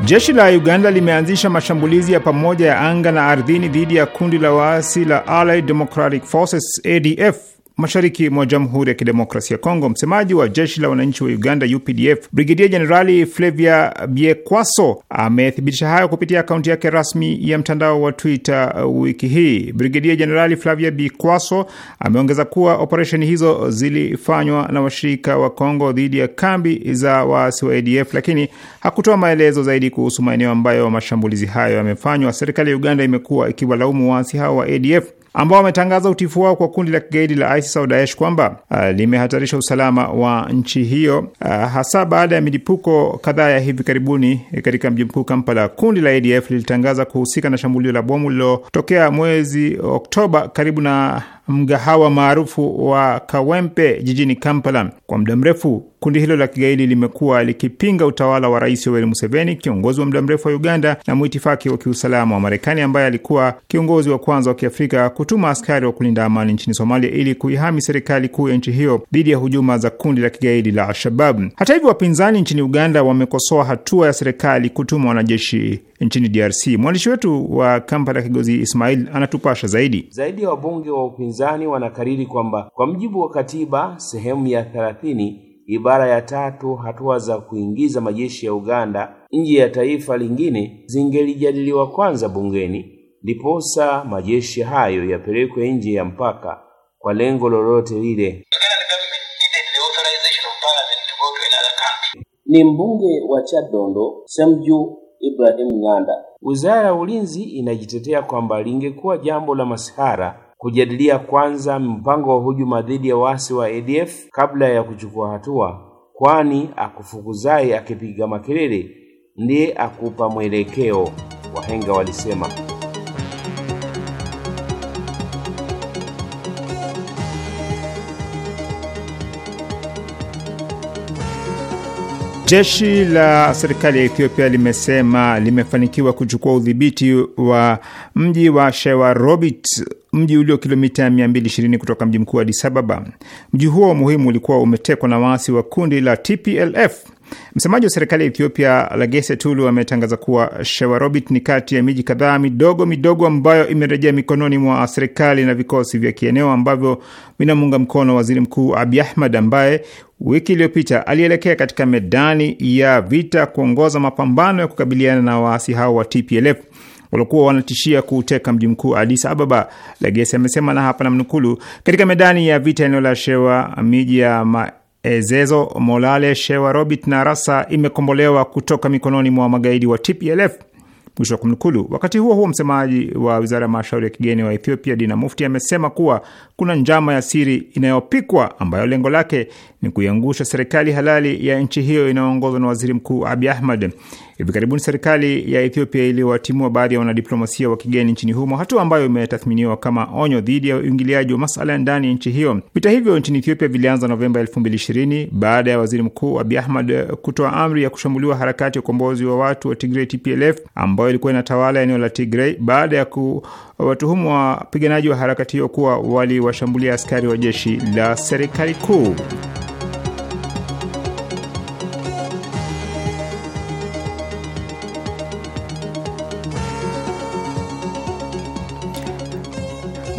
Jeshi la Uganda limeanzisha mashambulizi ya pamoja ya anga na ardhini dhidi ya kundi la waasi la Allied Democratic Forces ADF mashariki mwa Jamhuri ya Kidemokrasia ya Kongo. Msemaji wa jeshi la wananchi wa Uganda UPDF Brigedia Jenerali Flavia Biekwaso amethibitisha hayo kupitia akaunti yake rasmi ya mtandao wa Twitter uh, wiki hii. Brigedia Jenerali Flavia Biekwaso ameongeza kuwa operesheni hizo zilifanywa na washirika wa Kongo dhidi ya kambi za waasi wa ADF, lakini hakutoa maelezo zaidi kuhusu maeneo ambayo mashambulizi hayo yamefanywa. Serikali ya Uganda imekuwa ikiwalaumu waasi hao wa ADF ambao wametangaza utifu wao kwa kundi la kigaidi la ISIS au Daesh kwamba uh, limehatarisha usalama wa nchi hiyo, uh, hasa baada ya milipuko kadhaa ya hivi karibuni eh, katika mji mkuu Kampala. Kundi la ADF lilitangaza kuhusika na shambulio la bomu lililotokea mwezi Oktoba karibu na mgahawa maarufu wa Kawempe jijini Kampala. Kwa muda mrefu kundi hilo la kigaidi limekuwa likipinga utawala wa Rais Yoweri Museveni, kiongozi wa muda mrefu wa Uganda na mwitifaki wa kiusalama wa Marekani, ambaye alikuwa kiongozi wa kwanza wa Kiafrika kutuma askari wa kulinda amani nchini Somalia ili kuihami serikali kuu ya nchi hiyo dhidi ya hujuma za kundi la kigaidi la Al-Shabab. Hata hivyo, wapinzani nchini Uganda wamekosoa hatua ya serikali kutuma wanajeshi nchini DRC. Mwandishi wetu wa Kampala, Kigozi Ismail, anatupasha zaidi. Zaidi ya wabunge wa upinzani wanakariri kwamba kwa mujibu wa katiba sehemu ya thelathini ibara ya tatu hatua za kuingiza majeshi ya Uganda nje ya taifa lingine zingelijadiliwa kwanza bungeni, ndiposa majeshi hayo yapelekwe nje ya mpaka kwa lengo lolote lile. Ni mbunge wa Chadondo Semju Ibrahim Ng'anda. Wizara ya Ulinzi inajitetea kwamba lingekuwa jambo la masihara kujadilia kwanza mpango wa hujuma dhidi ya waasi wa ADF kabla ya kuchukua hatua, kwani akufukuzaye akipiga makelele ndiye akupa mwelekeo, wahenga walisema. Jeshi la serikali ya Ethiopia limesema limefanikiwa kuchukua udhibiti wa mji wa Shewarobit, mji ulio kilomita 220 kutoka mji mkuu wa Addis Ababa. Mji huo muhimu ulikuwa umetekwa na waasi wa kundi la TPLF. Msemaji wa serikali ya Ethiopia Lagese Tulu ametangaza kuwa Shewarobit ni kati ya miji kadhaa midogo midogo ambayo imerejea mikononi mwa serikali na vikosi vya kieneo ambavyo vinamuunga mkono waziri mkuu Abi Ahmed ambaye wiki iliyopita alielekea katika medani ya vita kuongoza mapambano ya kukabiliana na waasi hao wa TPLF waliokuwa wanatishia kuuteka mji mkuu Adis Ababa. Lagesi amesema na hapa namnukulu, katika medani ya vita eneo la Shewa, miji ya Ezezo Molale Shewa Robit na Rasa imekombolewa kutoka mikononi mwa magaidi wa TPLF. Mwisho wa kumnukulu. Wakati huo huo, msemaji wa wizara ya mashauri ya kigeni wa Ethiopia Dina Mufti amesema kuwa kuna njama ya siri inayopikwa ambayo lengo lake ni kuiangusha serikali halali ya nchi hiyo inayoongozwa na waziri mkuu Abi Ahmed. Hivi karibuni serikali ya Ethiopia iliwatimua baadhi ya wanadiplomasia wa kigeni nchini humo, hatua ambayo imetathminiwa kama onyo dhidi ya uingiliaji wa masala ya ndani ya nchi hiyo. Vita hivyo nchini Ethiopia vilianza Novemba 2020 baada ya waziri mkuu Abiy Ahmed kutoa amri ya kushambuliwa harakati ya ukombozi wa watu wa Tigray, TPLF, ambayo ilikuwa inatawala eneo la Tigray baada ya kuwatuhumu wapiganaji wa harakati hiyo kuwa waliwashambulia askari wa jeshi la serikali kuu.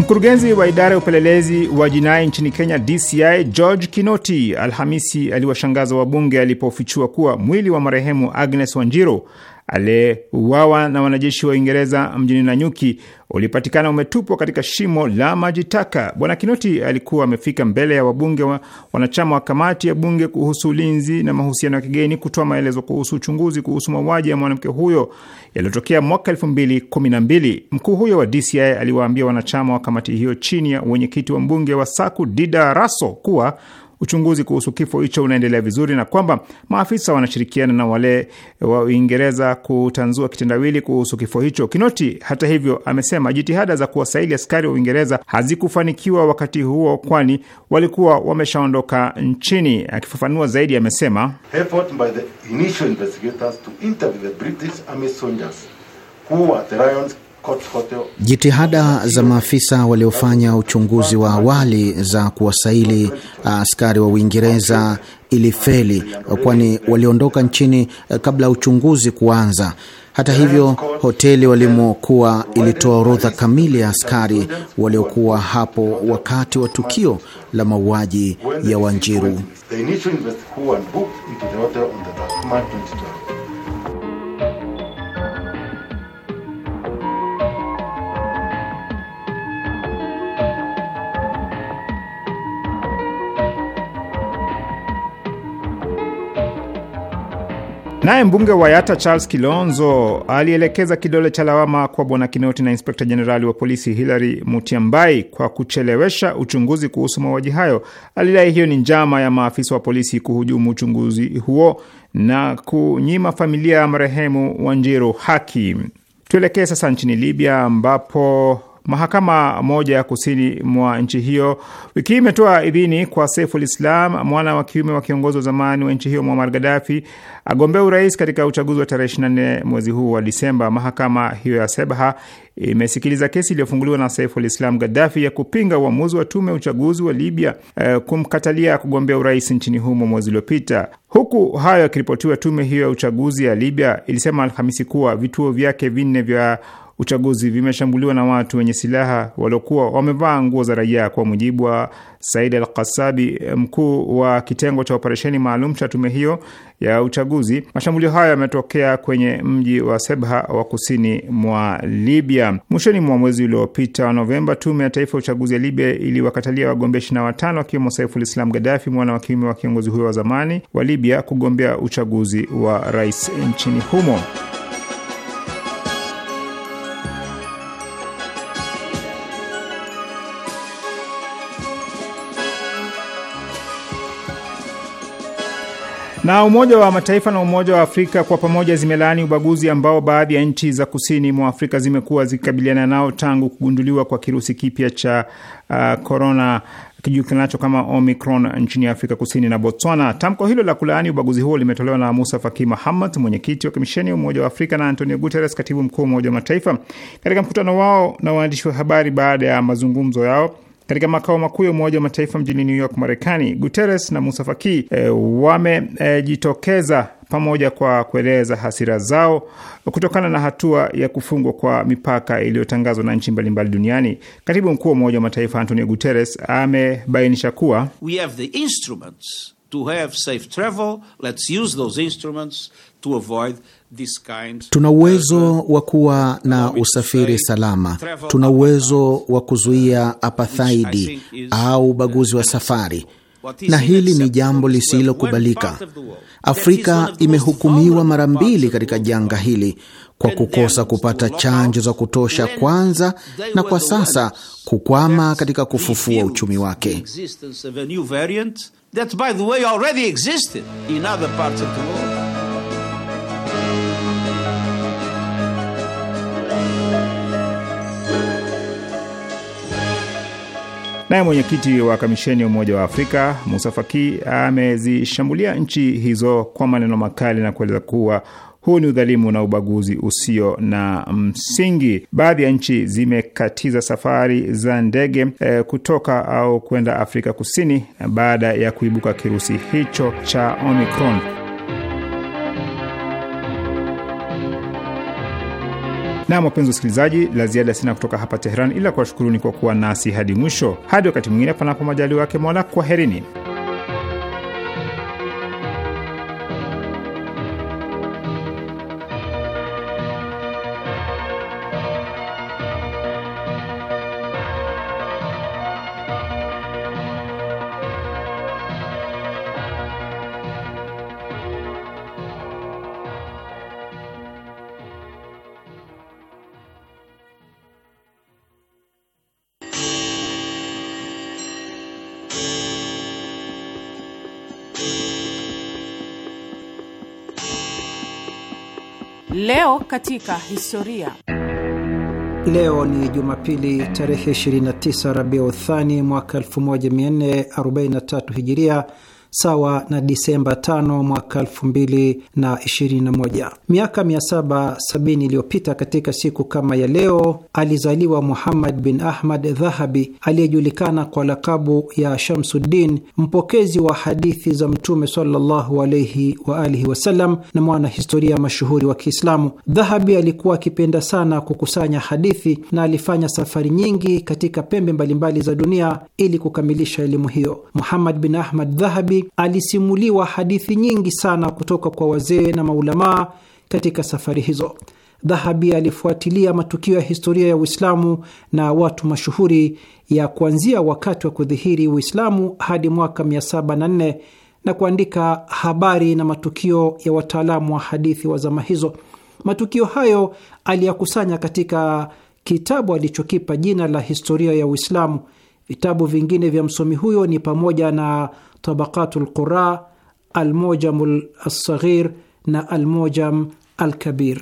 Mkurugenzi wa idara ya upelelezi wa jinai nchini Kenya, DCI, George Kinoti, Alhamisi aliwashangaza wabunge alipofichua kuwa mwili wa marehemu Agnes wanjiro aliyeuawa na wanajeshi wa Uingereza mjini Nanyuki ulipatikana umetupwa katika shimo la maji taka. Bwana Kinoti alikuwa amefika mbele ya wabunge wa, wanachama wa kamati ya bunge kuhusu ulinzi na mahusiano ya kigeni kutoa maelezo kuhusu uchunguzi kuhusu mauaji ya mwanamke huyo yaliyotokea mwaka elfu mbili kumi na mbili. Mkuu huyo wa DCI aliwaambia wanachama wa kamati hiyo chini ya wenyekiti wa mbunge wa Saku Dida Raso kuwa uchunguzi kuhusu kifo hicho unaendelea vizuri na kwamba maafisa wanashirikiana na wale wa Uingereza kutanzua kitendawili kuhusu kifo hicho. Kinoti hata hivyo amesema jitihada za kuwasaili askari wa Uingereza hazikufanikiwa wakati huo, kwani walikuwa wameshaondoka nchini. Akifafanua zaidi, amesema Jitihada za maafisa waliofanya uchunguzi wa awali za kuwasaili uh, askari wa Uingereza ilifeli, kwani waliondoka nchini uh, kabla ya uchunguzi kuanza. Hata hivyo, hoteli walimokuwa ilitoa orodha kamili ya askari waliokuwa hapo wakati wa tukio la mauaji ya Wanjiru. Naye mbunge wa Yata Charles Kilonzo alielekeza kidole cha lawama kwa bwana Kinoti na inspekta jenerali wa polisi Hilary Mutiambai kwa kuchelewesha uchunguzi kuhusu mauaji hayo. Alidai hiyo ni njama ya maafisa wa polisi kuhujumu uchunguzi huo na kunyima familia ya marehemu Wanjiru haki. Tuelekee sasa nchini Libya ambapo Mahakama moja ya kusini mwa nchi hiyo wiki hii imetoa idhini kwa Saiful Islam, mwana wa kiume wa kiongozi wa zamani wa nchi hiyo Muammar Gaddafi, agombea urais katika uchaguzi wa tarehe 24 mwezi huu wa Disemba. Mahakama hiyo ya Sebha imesikiliza kesi iliyofunguliwa na Saiful Islam Gaddafi ya kupinga uamuzi wa tume ya uchaguzi wa Libya e, kumkatalia kugombea urais nchini humo mwezi uliopita. Huku hayo yakiripotiwa, tume hiyo ya uchaguzi ya Libya ilisema Alhamisi kuwa vituo vyake vinne vya uchaguzi vimeshambuliwa na watu wenye silaha waliokuwa wamevaa nguo za raia. Kwa mujibu wa Said Al Kasabi, mkuu wa kitengo cha operesheni maalum cha tume hiyo ya uchaguzi, mashambulio hayo yametokea kwenye mji wa Sebha wa kusini mwa Libya. Mwishoni mwa mwezi uliopita wa Novemba, tume ya taifa ya uchaguzi ya Libya iliwakatalia wagombea ishirini na watano akiwemo Saiful Islam Gaddafi, mwana wa kiume wa kiongozi huyo wa zamani wa Libya, kugombea uchaguzi wa rais nchini humo. Na Umoja wa Mataifa na Umoja wa Afrika kwa pamoja zimelaani ubaguzi ambao baadhi ya nchi za kusini mwa Afrika zimekuwa zikikabiliana nao tangu kugunduliwa kwa kirusi kipya cha korona uh, kijulikanacho kama Omicron nchini Afrika Kusini na Botswana. Tamko hilo la kulaani ubaguzi huo limetolewa na Musa Faki muhammad mwenyekiti wa kamisheni ya Umoja wa Afrika, na Antonio Guterres, katibu mkuu wa Umoja wa Mataifa, katika mkutano wao na waandishi wa habari baada ya mazungumzo yao katika makao makuu ya Umoja wa Mataifa mjini New York, Marekani. Guterres na Musa Faki e, wamejitokeza e, pamoja kwa kueleza hasira zao kutokana na hatua ya kufungwa kwa mipaka iliyotangazwa na nchi mbalimbali duniani. Katibu mkuu wa Umoja wa Mataifa Antonio Guterres amebainisha kuwa We have the instruments Tuna uwezo uh, wa kuwa na usafiri salama, tuna uwezo wa kuzuia uh, apathaidi au ubaguzi wa safari, na hili ni jambo lisilokubalika. Afrika imehukumiwa mara mbili katika janga hili kwa kukosa kupata chanjo za kutosha kwanza, na kwa sasa kukwama katika kufufua uchumi wake that, by the way, already existed in other parts of the world. Naye mwenyekiti wa kamisheni ya Umoja wa Afrika Musa Faki amezishambulia nchi hizo kwa maneno makali na kueleza kuwa huu ni udhalimu na ubaguzi usio na msingi. Baadhi ya nchi zimekatiza safari za ndege e, kutoka au kwenda Afrika Kusini baada ya kuibuka kirusi hicho cha Omicron. Na wapenzi wasikilizaji, la ziada sina kutoka hapa Teheran, ila kuwashukuruni kwa kuwa nasi hadi mwisho. Hadi wakati mwingine, panapo majaliwa yake Mola, kwaherini. Leo katika historia. Leo ni Jumapili tarehe 29 Rabiu Thani mwaka 1443 Hijiria sawa na Disemba 5 mwaka 2021. Miaka 770 iliyopita katika siku kama ya leo alizaliwa Muhammad bin Ahmad Dhahabi aliyejulikana kwa lakabu ya Shamsuddin, mpokezi wa hadithi za Mtume sallallahu alayhi wa alihi wasallam na mwanahistoria mashuhuri wa Kiislamu. Dhahabi alikuwa akipenda sana kukusanya hadithi na alifanya safari nyingi katika pembe mbalimbali za dunia ili kukamilisha elimu hiyo. Muhammad bin Ahmad Dhahabi alisimuliwa hadithi nyingi sana kutoka kwa wazee na maulamaa katika safari hizo. Dhahabi alifuatilia matukio ya historia ya Uislamu na watu mashuhuri ya kuanzia wakati wa kudhihiri Uislamu hadi mwaka 704 na kuandika habari na matukio ya wataalamu wa hadithi wa zama hizo. Matukio hayo aliyakusanya katika kitabu alichokipa jina la Historia ya Uislamu. Vitabu vingine vya msomi huyo ni pamoja na Tabaqatu lqura, Almujamu lsaghir na Almujam alkabir.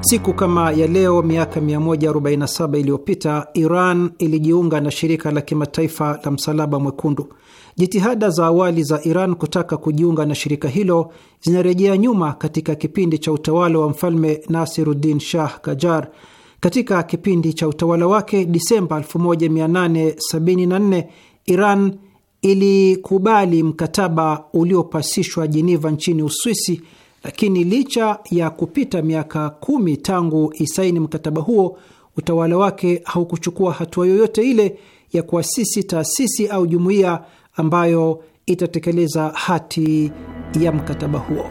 Siku kama ya leo miaka 147 iliyopita Iran ilijiunga na shirika la kimataifa la msalaba mwekundu. Jitihada za awali za Iran kutaka kujiunga na shirika hilo zinarejea nyuma katika kipindi cha utawala wa mfalme Nasiruddin Shah Kajar katika kipindi cha utawala wake Disemba 1874 Iran ilikubali mkataba uliopasishwa Jeniva nchini Uswisi, lakini licha ya kupita miaka kumi tangu isaini mkataba huo, utawala wake haukuchukua hatua yoyote ile ya kuasisi taasisi au jumuiya ambayo itatekeleza hati ya mkataba huo.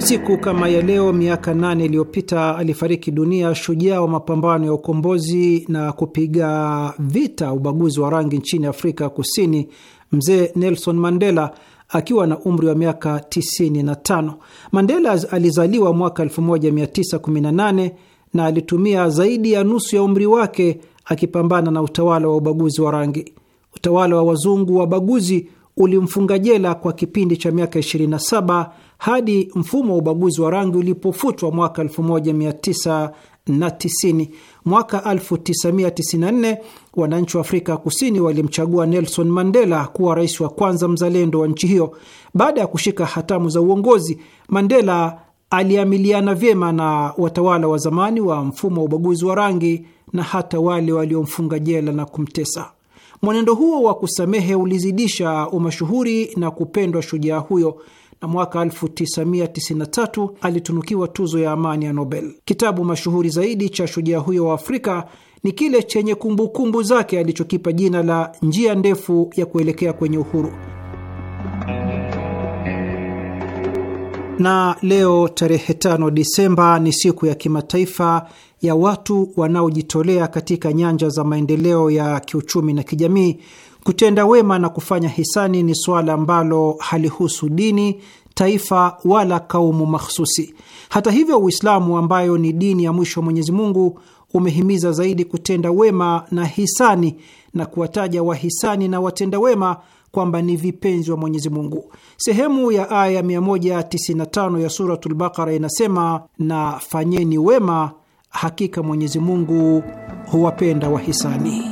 Siku kama ya leo miaka nane iliyopita alifariki dunia shujaa wa mapambano ya ukombozi na kupiga vita ubaguzi wa rangi nchini Afrika Kusini, mzee Nelson Mandela akiwa na umri wa miaka 95. Mandela alizaliwa mwaka 1918 na alitumia zaidi ya nusu ya umri wake akipambana na utawala wa ubaguzi wa rangi. Utawala wa wazungu wa baguzi ulimfunga jela kwa kipindi cha miaka 27 hadi mfumo wa ubaguzi wa rangi ulipofutwa mwaka 1990. Mwaka 1994 wananchi wa Afrika Kusini walimchagua Nelson Mandela kuwa rais wa kwanza mzalendo wa nchi hiyo. Baada ya kushika hatamu za uongozi, Mandela aliamiliana vyema na watawala wa zamani wa mfumo wa ubaguzi wa rangi na hata wale waliomfunga jela na kumtesa. Mwenendo huo wa kusamehe ulizidisha umashuhuri na kupendwa shujaa huyo na mwaka 1993 alitunukiwa tuzo ya amani ya Nobel. Kitabu mashuhuri zaidi cha shujaa huyo wa Afrika ni kile chenye kumbukumbu kumbu zake alichokipa jina la njia ndefu ya kuelekea kwenye uhuru. Na leo tarehe 5 Disemba ni siku ya kimataifa ya watu wanaojitolea katika nyanja za maendeleo ya kiuchumi na kijamii Kutenda wema na kufanya hisani ni suala ambalo halihusu dini, taifa wala kaumu makhususi Hata hivyo, Uislamu ambayo ni dini ya mwisho wa Mwenyezi Mungu umehimiza zaidi kutenda wema na hisani na kuwataja wahisani na watenda wema kwamba ni vipenzi wa Mwenyezi Mungu. Sehemu ya aya 195 ya Suratul inasema, na fanyeni wema, hakika Mwenyezi Mungu huwapenda wahisani.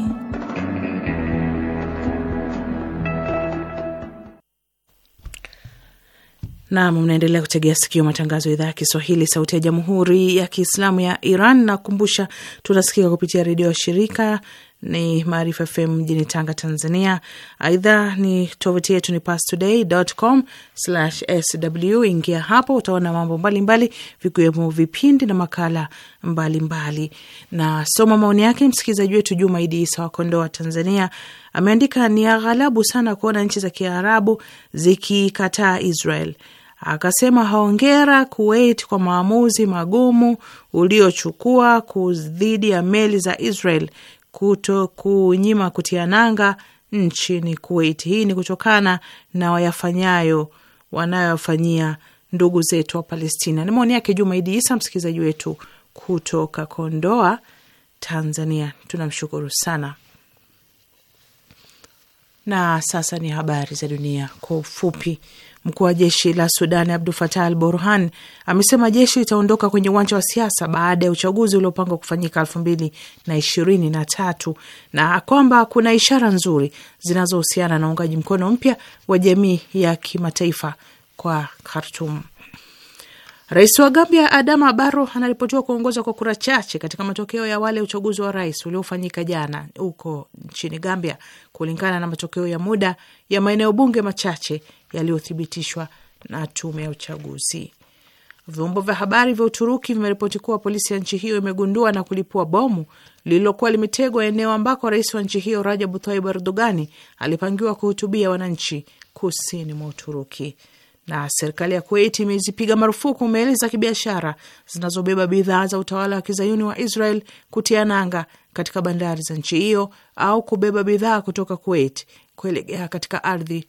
Nam, mnaendelea kutegea sikio matangazo ya idhaa ya Kiswahili, sauti ya jamhuri ya kiislamu ya Iran. Nakumbusha tunasikika kupitia redio ya shirika ni Maarifa FM mjini Tanga, Tanzania. Aidha, ni tovuti yetu ni pastoday.com sw. Ingia hapo, utaona mambo mbalimbali vikiwemo vipindi na makala mbalimbali. mbali. Na soma maoni yake msikilizaji wetu Juma Idi Isa wa Kondoa, Tanzania, ameandika: ni aghalabu sana kuona nchi za kiarabu zikikataa Israel Akasema hongera Kuwait kwa maamuzi magumu uliochukua dhidi ya meli za Israel kuto kunyima kutia nanga nchini Kuwait. Hii ni kutokana na wayafanyayo wanayofanyia ndugu zetu wa Palestina. Ni maoni yake Jumaidi Isa, msikilizaji wetu kutoka Kondoa, Tanzania. Tunamshukuru sana. Na sasa ni habari za dunia kwa ufupi. Mkuu wa jeshi la Sudani Abdu Fatah al Burhan amesema jeshi itaondoka kwenye uwanja wa siasa baada ya uchaguzi uliopangwa kufanyika elfu mbili na ishirini na tatu na kwamba kuna ishara nzuri zinazohusiana na uungaji mkono mpya wa jamii ya kimataifa kwa Khartum. Rais wa Gambia Adama Barrow anaripotiwa kuongoza kwa kura chache katika matokeo ya wale uchaguzi wa rais uliofanyika jana huko nchini Gambia, kulingana na matokeo ya muda ya maeneo bunge machache yaliyothibitishwa na tume ya uchaguzi. Vyombo vya habari vya Uturuki vimeripoti kuwa polisi ya nchi hiyo imegundua na kulipua bomu lililokuwa limetegwa eneo ambako rais wa nchi hiyo Rajab Tayyip Erdogani alipangiwa kuhutubia wananchi kusini mwa Uturuki. Na serikali ya Kuwait imezipiga marufuku meli za kibiashara zinazobeba bidhaa za utawala wa kizayuni wa Israel kutia nanga katika bandari za nchi hiyo au kubeba bidhaa kutoka Kuwait kuelekea katika ardhi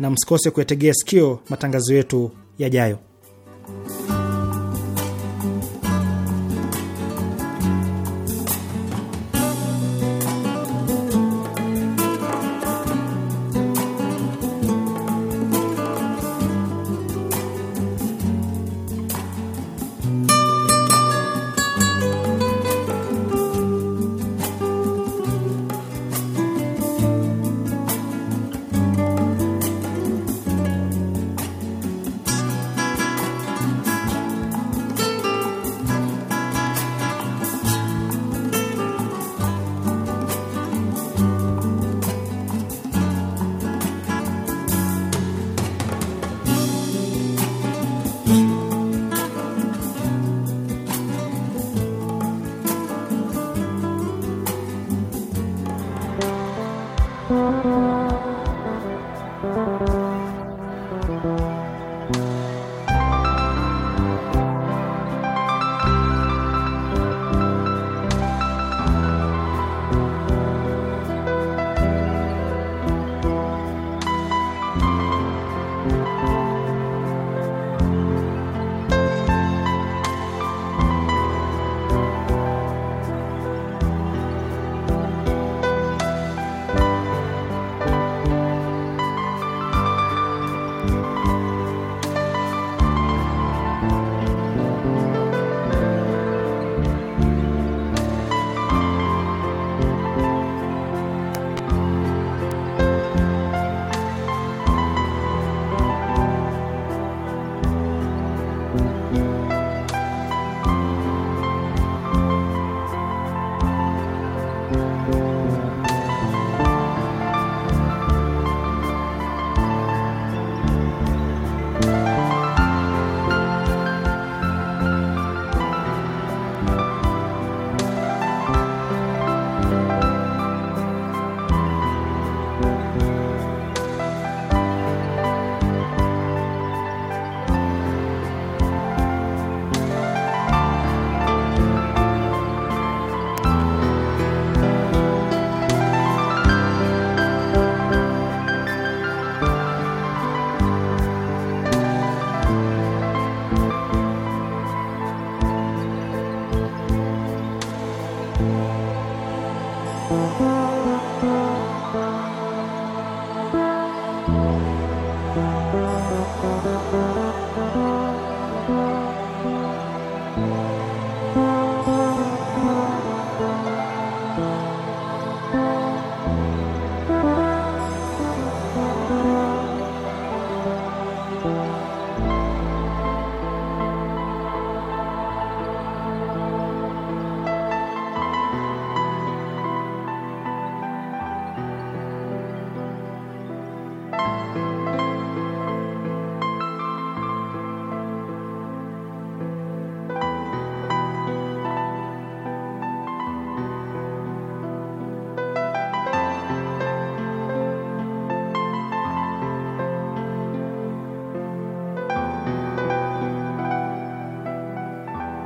na msikose kuyategea sikio matangazo yetu yajayo.